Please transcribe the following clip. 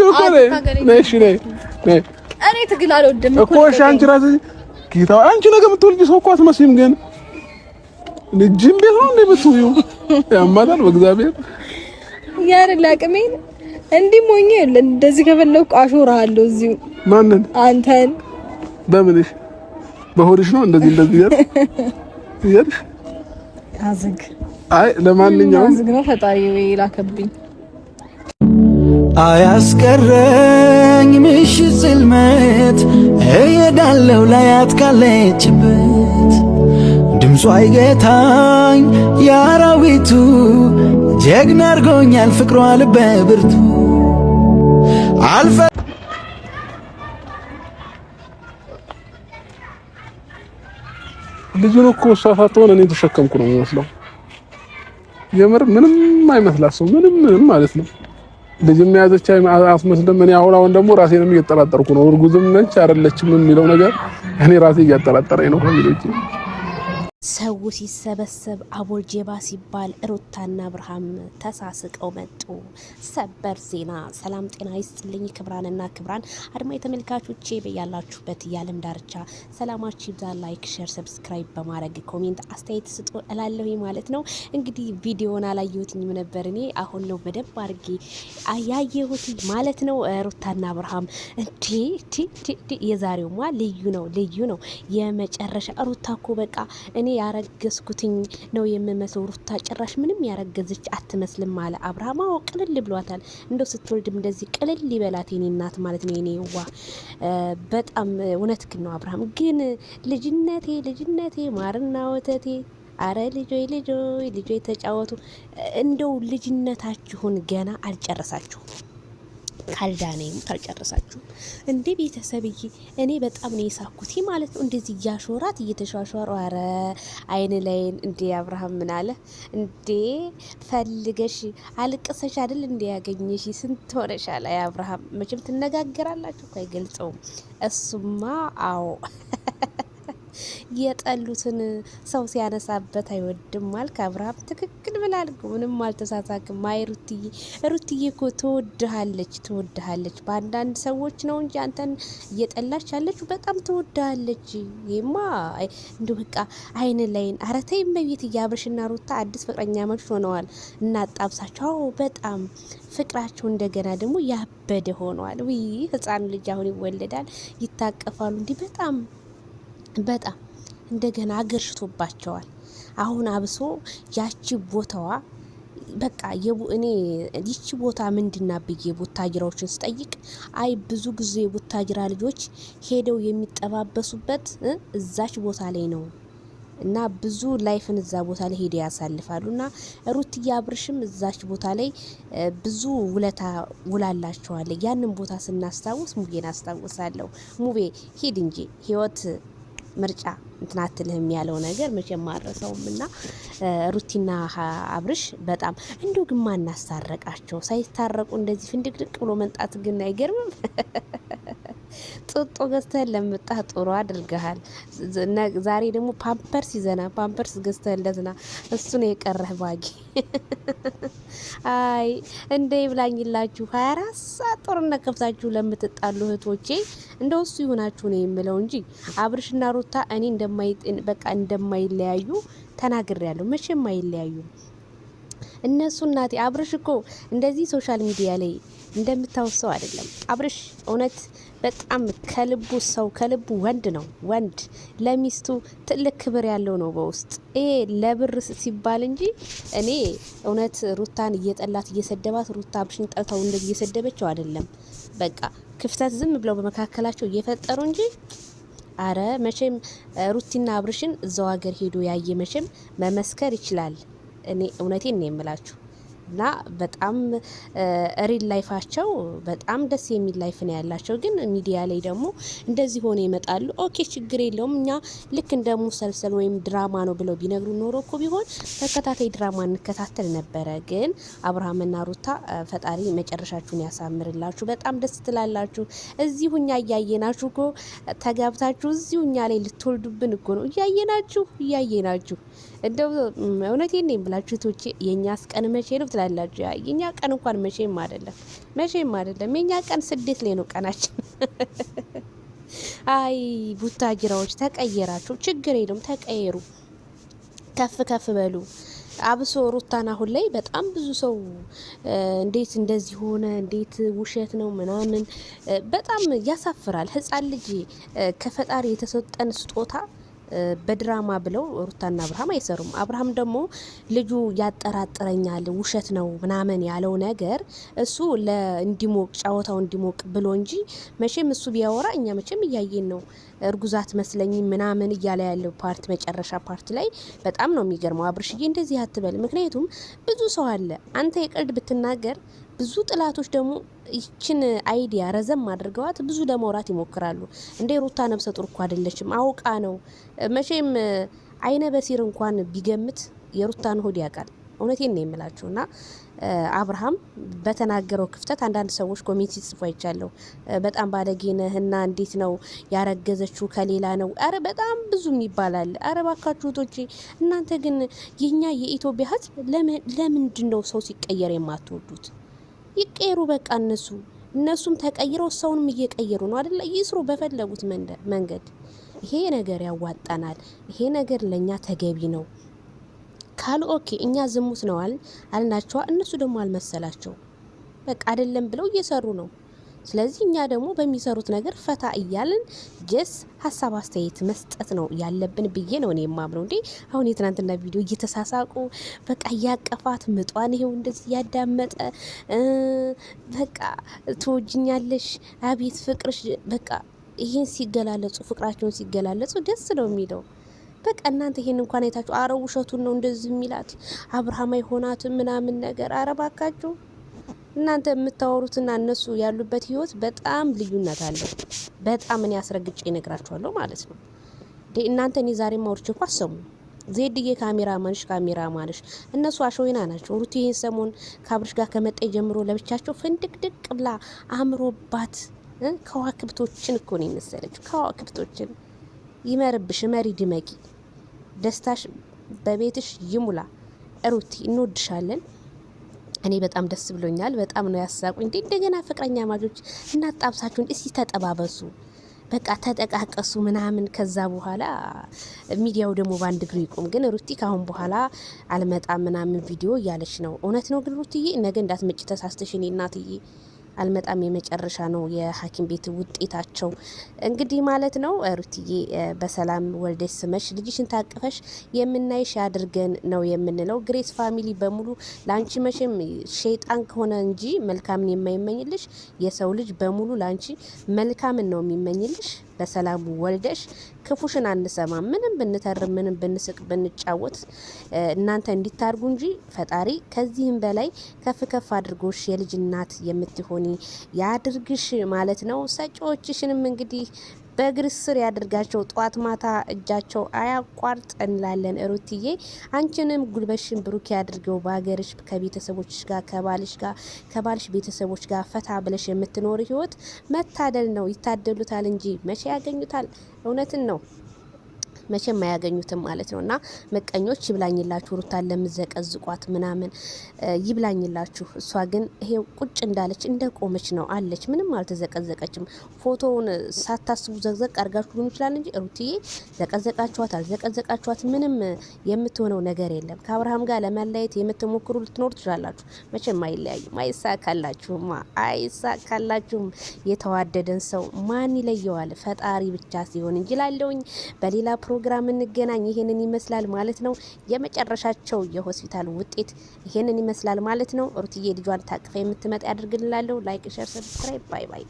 ቆንጆ እኮ ነሽ። እኔ ትግል አልወድም እኮ እሺ። አንቺ ራስሽ ጌታ፣ አንቺ ነገ የምትወልጂ ሰው እኮ አትመስይም። ግን ልጅም ቢሆን እንደ የምትውይው ያማታል። በእግዚአብሔር ያረላ አቅሜን እንዲህ ሞኝ እንደዚህ ከፈለኩ አሾርሃለሁ እዚሁ። ማንን? አንተን። በምንሽ? በሆድሽ ነው እንደዚህ እንደዚህ ያር ያር አዝግ። አይ ለማንኛውም አዝግ ነው ፈጣሪ ላከብኝ። አያስቀረኝ ምሽት ጽልመት እየዳለው ላያት ካለችበት ድምፁ አይገታኝ የአራዊቱ ጀግና አርጎኛል ፍቅሯ ልበ ብርቱ አልፈ ልጁን እኮ እሷ ሳትሆን እኔ ተሸከምኩ ነው የሚመስለው። የምር ምንም አይመስላት ሰው ምንም ምንም ማለት ነው። ልጅም የያዘች አትመስልም። እኔ አሁን አሁን ደግሞ ራሴንም እየጠራጠርኩ ነው። እርጉዝም ነች አይደለችም የሚለው ነገር እኔ ራሴ እያጠራጠረኝ ነው። ሰው ሲሰበሰብ አቦል ጄባ ሲባል ሩታና አብርሃም ተሳስቀው መጡ። ሰበር ዜና። ሰላም ጤና ይስጥልኝ ክብራንና ክብራን አድማ የተመልካቾቼ በያላችሁበት የዓለም ዳርቻ ሰላማችሁ ይብዛ። ላይክ፣ ሼር፣ ሰብስክራይብ በማድረግ ኮሜንት አስተያየት ስጡ እላለሁ ማለት ነው። እንግዲህ ቪዲዮን አላየሁትኝም ነበር እኔ አሁን ነው በደንብ አድርጌ ያየሁት ማለት ነው። ሩታና አብርሃም እንዴ የዛሬውማ ልዩ ነው ልዩ ነው የመጨረሻ ሩታ እኮ በቃ እኔ ያረገዝኩትኝ ነው የምመስለው። ሩታ ጭራሽ ምንም ያረገዘች አትመስልም አለ አብርሃም። አዎ ቅልል ብሏታል። እንደው ስትወልድም እንደዚህ ቅልል ይበላት የኔ እናት ማለት ነው። የኔ ዋ በጣም እውነት እውነትህን ነው አብርሃም። ግን ልጅነቴ ልጅነቴ ማርና ወተቴ አረ ልጆይ ልጆይ ልጆይ ተጫወቱ። እንደው ልጅነታችሁን ገና አልጨረሳችሁም። ካልዳነይም ካልጨረሳችሁም እንዴ ቤተሰብዬ እኔ በጣም ነው የሳኩት ማለት ነው። እንደዚህ እያሾራት እየተሿሿሩ አረ አይን ላይን እንዴ አብርሃም ምን አለ እንዴ ፈልገሽ አልቅሰሽ አይደል እንደ ያገኘሽ ስንት ሆነሻል? አይ አብርሃም መቼም ትነጋገራላችሁ እኮ አይገልጸውም እሱማ። አዎ የጠሉትን ሰው ሲያነሳበት አይወድም አልክ አብርሃም። ትክክል ብላል። ምንም አልተሳሳክም። ማይ ሩትዬ ሩትዬ እኮ ትወድሃለች ትወድሃለች። በአንዳንድ ሰዎች ነው እንጂ አንተን እየጠላች ያለች በጣም ትወድሃለች። ይማ እንዲሁ በቃ አይን ላይን አረተ መቤት እያበሽና ሩታ አዲስ ፍቅረኛ መች ሆነዋል። እናጣብሳቸው በጣም ፍቅራቸው እንደገና ደግሞ ያበደ ሆኗል። ውይ ህፃን ልጅ አሁን ይወለዳል፣ ይታቀፋሉ እንዲህ በጣም በጣም እንደገና አገርሽቶባቸዋል። አሁን አብሶ ያቺ ቦታዋ በቃ እኔ ይቺ ቦታ ምንድና ብዬ ቡታጅራዎችን ስጠይቅ አይ ብዙ ጊዜ የቡታጅራ ልጆች ሄደው የሚጠባበሱበት እዛች ቦታ ላይ ነው እና ብዙ ላይፍን እዛ ቦታ ላይ ሄደው ያሳልፋሉ። እና ሩትዬ አብርሽም እዛች ቦታ ላይ ብዙ ውለታ ውላላቸዋለ። ያንን ቦታ ስናስታውስ ሙቤን አስታውሳለሁ። ሙቤ ሂድ እንጂ ህይወት ምርጫ እንትን አትልህም ያለው ነገር መቼም አልረሳውም። እና ሩቲና አብርሽ በጣም እንዲሁ ግማ እናሳረቃቸው ሳይታረቁ እንደዚህ ፍንድቅድቅ ብሎ መንጣት ግን አይገርምም? ጡጦ ገዝተህን ለምጣህ ጥሩ አድርገሃል። ዛሬ ደግሞ ፓምፐርስ ይዘና ፓምፐርስ ገዝተህን ለትና እሱ ነው የቀረህ ባጊ። አይ እንደ ይብላኝላችሁ ሀያ አራት ሰዓት ጦርነት ከፍታችሁ ለምትጣሉ እህቶቼ እንደ እሱ ይሆናችሁ ነው የምለው እንጂ አብርሽና ሩታ እኔ በቃ እንደማይለያዩ ተናግሬያለሁ። መቼም አይለያዩም። እነሱ እናቴ አብርሽ እኮ እንደዚህ ሶሻል ሚዲያ ላይ እንደምታወሰው አይደለም። አብርሽ እውነት በጣም ከልቡ ሰው ከልቡ ወንድ ነው። ወንድ ለሚስቱ ትልቅ ክብር ያለው ነው በውስጥ ይሄ ለብር ሲባል እንጂ እኔ እውነት ሩታን እየጠላት እየሰደባት ሩታ አብርሽን ጠልታው እንደዚህ እየሰደበችው አይደለም። በቃ ክፍተት ዝም ብለው በመካከላቸው እየፈጠሩ እንጂ አረ መቼም ሩቲና አብርሽን እዛው ሀገር ሄዶ ያየ መቼም መመስከር ይችላል። እኔ እውነቴን ነው የምላችሁ። እና በጣም ሪል ላይፋቸው በጣም ደስ የሚል ላይፍ ነው ያላቸው። ግን ሚዲያ ላይ ደግሞ እንደዚህ ሆነ ይመጣሉ። ኦኬ ችግር የለውም። እኛ ልክ እንደ ሙሰልሰል ወይም ድራማ ነው ብለው ቢነግሩ ኖሮ እኮ ቢሆን ተከታታይ ድራማ እንከታተል ነበረ። ግን አብርሃምና ሩታ ፈጣሪ መጨረሻችሁን ያሳምርላችሁ። በጣም ደስ ትላላችሁ። እዚሁ እኛ እያየናችሁ እኮ ተጋብታችሁ እዚሁ እኛ ላይ ልትወልዱብን እኮ ነው። እያየናችሁ እያየናችሁ እንደው እውነቴን ነው ብላችሁ ቶች የእኛስ ቀን መቼ ነው ትላላችሁ? የእኛ ቀን እንኳን መቼም አይደለም፣ መቼም አይደለም። የእኛ ቀን ስደት ላይ ነው ቀናችን። አይ ቡታጅራዎች ተቀየራችሁ፣ ችግር የለም ተቀየሩ፣ ከፍ ከፍ በሉ። አብሶ ሩታን አሁን ላይ በጣም ብዙ ሰው እንዴት እንደዚህ ሆነ፣ እንዴት ውሸት ነው ምናምን፣ በጣም ያሳፍራል። ህፃን ልጅ ከፈጣሪ የተሰጠን ስጦታ በድራማ ብለው ሩታና አብርሃም አይሰሩም። አብርሃም ደግሞ ልጁ ያጠራጥረኛል፣ ውሸት ነው ምናምን ያለው ነገር እሱ እንዲሞቅ ጨዋታው እንዲሞቅ ብሎ እንጂ መቼም እሱ ቢያወራ እኛ መቼም እያየን ነው። እርጉዛት መስለኝ ምናምን እያለ ያለው ፓርት መጨረሻ ፓርት ላይ በጣም ነው የሚገርመው። አብርሽዬ እንደዚህ አትበል፣ ምክንያቱም ብዙ ሰው አለ። አንተ የቀልድ ብትናገር ብዙ ጥላቶች ደግሞ ይችን አይዲያ ረዘም አድርገዋት ብዙ ለማውራት ይሞክራሉ። እንዴ ሩታ ነብሰ ጡር እኮ አይደለችም፣ አውቃ ነው። መቼም አይነ በሲር እንኳን ቢገምት የሩታን ሆድ ያውቃል። እውነቴን ነው የምላችሁ። እና አብርሃም በተናገረው ክፍተት አንዳንድ ሰዎች ኮሜንት ሲጽፉ አይቻለሁ። በጣም ባለጌ ነህ እና እንዴት ነው ያረገዘችው ከሌላ ነው? አረ በጣም ብዙም ይባላል። አረ ባካችሁ እህቶቼ፣ እናንተ ግን የኛ የኢትዮጵያ ሕዝብ ለምንድን ነው ሰው ሲቀየር የማትወዱት? ይቀየሩ። በቃ እነሱ እነሱም ተቀይረው ሰውንም እየቀየሩ ነው አደለ? ይስሩ በፈለጉት መንገድ። ይሄ ነገር ያዋጣናል፣ ይሄ ነገር ለእኛ ተገቢ ነው ካሉ ኦኬ። እኛ ዝሙት ነው አልናቸዋ፣ እነሱ ደግሞ አልመሰላቸው። በቃ አይደለም ብለው እየሰሩ ነው። ስለዚህ እኛ ደግሞ በሚሰሩት ነገር ፈታ እያልን ጀስ ሀሳብ አስተያየት መስጠት ነው ያለብን ብዬ ነው እኔ የማምነው። እንዴ አሁን የትናንትና ቪዲዮ እየተሳሳቁ በቃ እያቀፋት ምጧን ይሄው እንደዚህ እያዳመጠ በቃ ትወጅኛለሽ፣ አቤት ፍቅርሽ፣ በቃ ይህን ሲገላለጹ ፍቅራቸውን ሲገላለጹ ደስ ነው የሚለው። በቃ እናንተ ይሄን እንኳን አይታችሁ አረ ውሸቱን ነው እንደዚህ የሚላት አብርሃም አይሆናትም ምናምን ነገር አረ እናንተ የምታወሩትና እነሱ ያሉበት ህይወት በጣም ልዩነት አለው። በጣም እኔ አስረግጬ እነግራችኋለሁ ማለት ነው። እናንተ እኔ ዛሬ ማውርቼ እኮ አሰሙ ዜድዬ ካሜራ ማንሽ ካሜራ ማንሽ እነሱ አሸወይና ናቸው። ሩት ይህን ሰሞን ከአብርሽ ጋር ከመጣ ጀምሮ ለብቻቸው ፍንድቅድቅ ብላ አምሮባት ከዋክብቶችን እኮ ነው የመሰለችው። ከዋክብቶችን ይመርብሽ፣ መሪ ድመቂ፣ ደስታሽ በቤትሽ ይሙላ። ሩቲ እንወድሻለን። እኔ በጣም ደስ ብሎኛል። በጣም ነው ያሳቁኝ። እንዴ እንደገና ፍቅረኛ ማጆች እናጣብሳችሁን እስቲ ተጠባበሱ፣ በቃ ተጠቃቀሱ ምናምን። ከዛ በኋላ ሚዲያው ደግሞ በአንድ እግሩ ይቁም። ግን ሩቲ ካሁን በኋላ አልመጣም ምናምን ቪዲዮ እያለች ነው። እውነት ነው ግን ሩትዬ፣ ነገ እንዳትመጭ ተሳስተሽ እኔ እናትዬ አልመጣም የመጨረሻ ነው የሐኪም ቤት ውጤታቸው እንግዲህ ማለት ነው። ሩትዬ በሰላም ወልደሽ ስመሽ ልጅሽን ታቅፈሽ የምናይሽ ያድርገን ነው የምንለው። ግሬስ ፋሚሊ በሙሉ ለአንቺ መቼም ሸይጣን ከሆነ እንጂ መልካምን የማይመኝልሽ የሰው ልጅ በሙሉ ለአንቺ መልካምን ነው የሚመኝልሽ። በሰላሙ ወልደሽ ክፉሽን አንሰማ። ምንም ብንተር፣ ምንም ብንስቅ፣ ብንጫወት እናንተ እንዲታርጉ እንጂ ፈጣሪ ከዚህም በላይ ከፍ ከፍ አድርጎሽ የልጅ እናት የምትሆኒ ያድርግሽ ማለት ነው። ሰጪዎችሽንም እንግዲህ በእግር ስር ያደርጋቸው። ጠዋት ማታ እጃቸው አያቋርጥ እንላለን። ሩትዬ አንቺንም ጉልበሽን ብሩክ ያድርገው። በሀገርሽ ከቤተሰቦች ጋር ከባልሽ ጋር ከባልሽ ቤተሰቦች ጋር ፈታ ብለሽ የምትኖር ህይወት መታደል ነው። ይታደሉታል እንጂ መቼ ያገኙታል? እውነትን ነው። መቼም አያገኙትም ማለት ነው። እና ምቀኞች ይብላኝላችሁ፣ ሩታን ለምዘቀዝቋት ምናምን ይብላኝላችሁ። እሷ ግን ይሄ ቁጭ እንዳለች እንደ ቆመች ነው አለች፣ ምንም አልተዘቀዘቀችም። ፎቶውን ሳታስቡ ዘቅዘቅ አድርጋችሁ ሊሆን ይችላል እንጂ ሩትዬ ዘቀዘቃችኋት አልዘቀዘቃችኋት ምንም የምትሆነው ነገር የለም። ከአብርሃም ጋር ለመለየት የምትሞክሩ ልትኖር ትችላላችሁ። መቼም አይለያዩም። አይሳካላችሁም፣ አይሳካላችሁም። የተዋደደን ሰው ማን ይለየዋል? ፈጣሪ ብቻ ሲሆን እንጂ ላለውኝ በሌላ ፕሮ ፕሮግራም እንገናኝ። ይሄንን ይመስላል ማለት ነው። የመጨረሻቸው የሆስፒታል ውጤት ይሄንን ይመስላል ማለት ነው። ሩትዬ ልጇን ታቅፋ የምትመጣ ያድርግልላለሁ። ላይክ፣ ሼር፣ ሰብስክራይብ። ባይ ባይ።